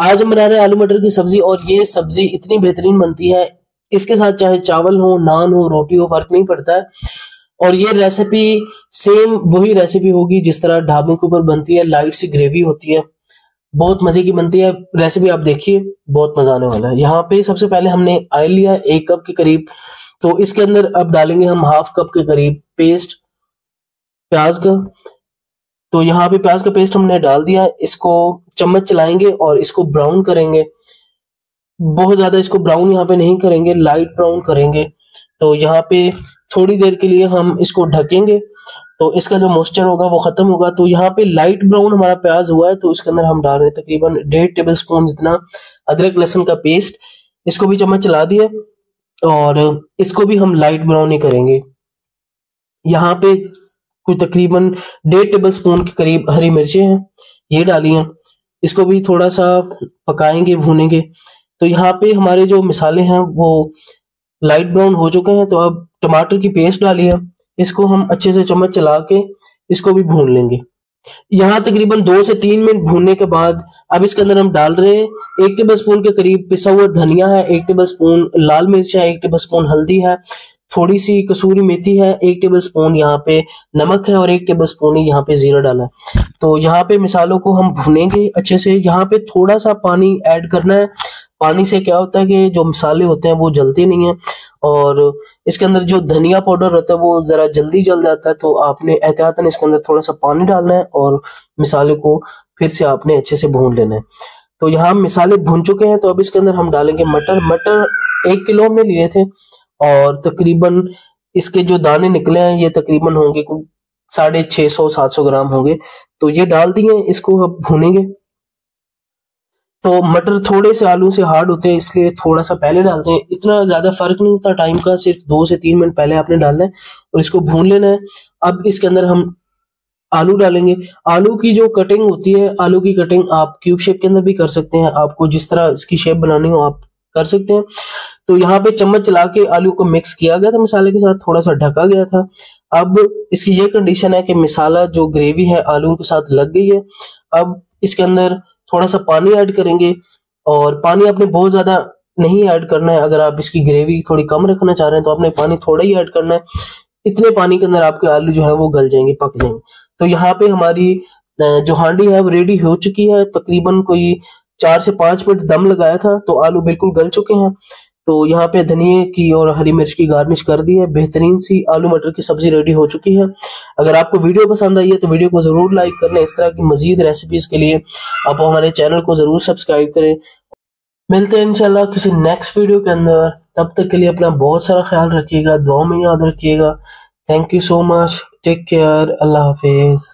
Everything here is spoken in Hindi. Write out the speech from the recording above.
आज हम बना रहे हैं आलू मटर की सब्जी और ये सब्जी इतनी बेहतरीन बनती है इसके साथ चाहे चावल हो नान हो रोटी हो फर्क नहीं पड़ता है और ये रेसिपी सेम वही रेसिपी होगी जिस तरह ढाबे के ऊपर बनती है लाइट सी ग्रेवी होती है बहुत मजे की बनती है रेसिपी आप देखिए बहुत मजा आने वाला है यहाँ पे सबसे पहले हमने आयल लिया एक कप के करीब तो इसके अंदर अब डालेंगे हम हाफ कप के करीब पेस्ट प्याज का तो यहाँ पे प्याज का पेस्ट हमने डाल दिया इसको चम्मच चलाएंगे और इसको ब्राउन करेंगे बहुत ज्यादा इसको ब्राउन यहाँ पे नहीं करेंगे लाइट ब्राउन करेंगे तो यहाँ पे थोड़ी देर के लिए हम इसको ढकेंगे तो इसका जो मॉइस्चर होगा वो खत्म होगा तो यहाँ पे लाइट ब्राउन हमारा प्याज हुआ है तो इसके अंदर हम डाल रहे हैं तकरीबन डेढ़ टेबल स्पून जितना अदरक लहसुन का पेस्ट इसको भी चम्मच चला दिए और इसको भी हम लाइट ब्राउन ही करेंगे यहाँ पे कोई तकरीबन डेढ़ टेबल स्पून के करीब हरी मिर्चें हैं ये डाली हैं इसको भी थोड़ा सा पकाएंगे भूनेंगे तो यहाँ पे हमारे जो मिसाले हैं वो लाइट ब्राउन हो चुके हैं तो अब टमाटर की पेस्ट डाली है इसको हम अच्छे से चम्मच चला के इसको भी भून लेंगे यहाँ तकरीबन दो से तीन मिनट भूनने के बाद अब इसके अंदर हम डाल रहे हैं एक टेबल स्पून के करीब पिसा हुआ धनिया है एक टेबल स्पून लाल मिर्च है एक टेबल स्पून हल्दी है थोड़ी सी कसूरी मेथी है एक टेबल स्पून यहाँ पे नमक है और एक टेबल स्पून यहाँ पे जीरा डाला है तो यहाँ पे मिसालों को हम भुनेंगे अच्छे से यहाँ पे थोड़ा सा पानी ऐड करना है पानी से क्या होता है कि जो मसाले होते हैं वो जलते नहीं है और इसके अंदर जो धनिया पाउडर होता है वो ज़रा जल्दी जल जाता है तो आपने एहतियातन इसके अंदर थोड़ा सा पानी डालना है और मिसाले को फिर से आपने अच्छे से भून लेना है तो यहाँ मिसाले भून चुके हैं तो अब इसके अंदर हम डालेंगे मटर मटर एक किलो हमने लिए थे और तकरीबन इसके जो दाने निकले हैं ये तकरीबन होंगे साढ़े छह सौ सात सौ ग्राम होंगे तो ये डाल दिए इसको अब भूनेंगे तो मटर थोड़े से आलू से हार्ड होते हैं इसलिए थोड़ा सा पहले डालते हैं इतना ज्यादा फर्क नहीं होता टाइम का सिर्फ दो से तीन मिनट पहले आपने डालना है और इसको भून लेना है अब इसके अंदर हम आलू डालेंगे आलू की जो कटिंग होती है आलू की कटिंग आप क्यूब शेप के अंदर भी कर सकते हैं आपको जिस तरह इसकी शेप बनानी हो आप कर सकते हैं तो यहाँ पे चम्मच चला के आलू को मिक्स किया गया था मसाले के साथ थोड़ा सा ढका गया था अब इसकी ये कंडीशन है कि मिसाला जो ग्रेवी है आलू के साथ लग गई है अब इसके अंदर थोड़ा सा पानी ऐड करेंगे और पानी आपने बहुत ज्यादा नहीं ऐड करना है अगर आप इसकी ग्रेवी थोड़ी कम रखना चाह रहे हैं तो आपने पानी थोड़ा ही ऐड करना है इतने पानी के अंदर आपके आलू जो है वो गल जाएंगे पक जाएंगे तो यहाँ पे हमारी जो हांडी है वो रेडी हो चुकी है तकरीबन कोई चार से पांच मिनट दम लगाया था तो आलू बिल्कुल गल चुके हैं तो यहाँ पे धनिए की और हरी मिर्च की गार्निश कर दी है बेहतरीन सी आलू मटर की सब्जी रेडी हो चुकी है अगर आपको वीडियो पसंद आई है तो वीडियो को जरूर लाइक करें इस तरह की मजीद रेसिपीज के लिए आप हमारे चैनल को जरूर सब्सक्राइब करें मिलते हैं इंशाल्लाह किसी नेक्स्ट वीडियो के अंदर तब तक के लिए अपना बहुत सारा ख्याल रखिएगा दुआ में याद रखिएगा thank you so much take care अल्लाह हाफिज़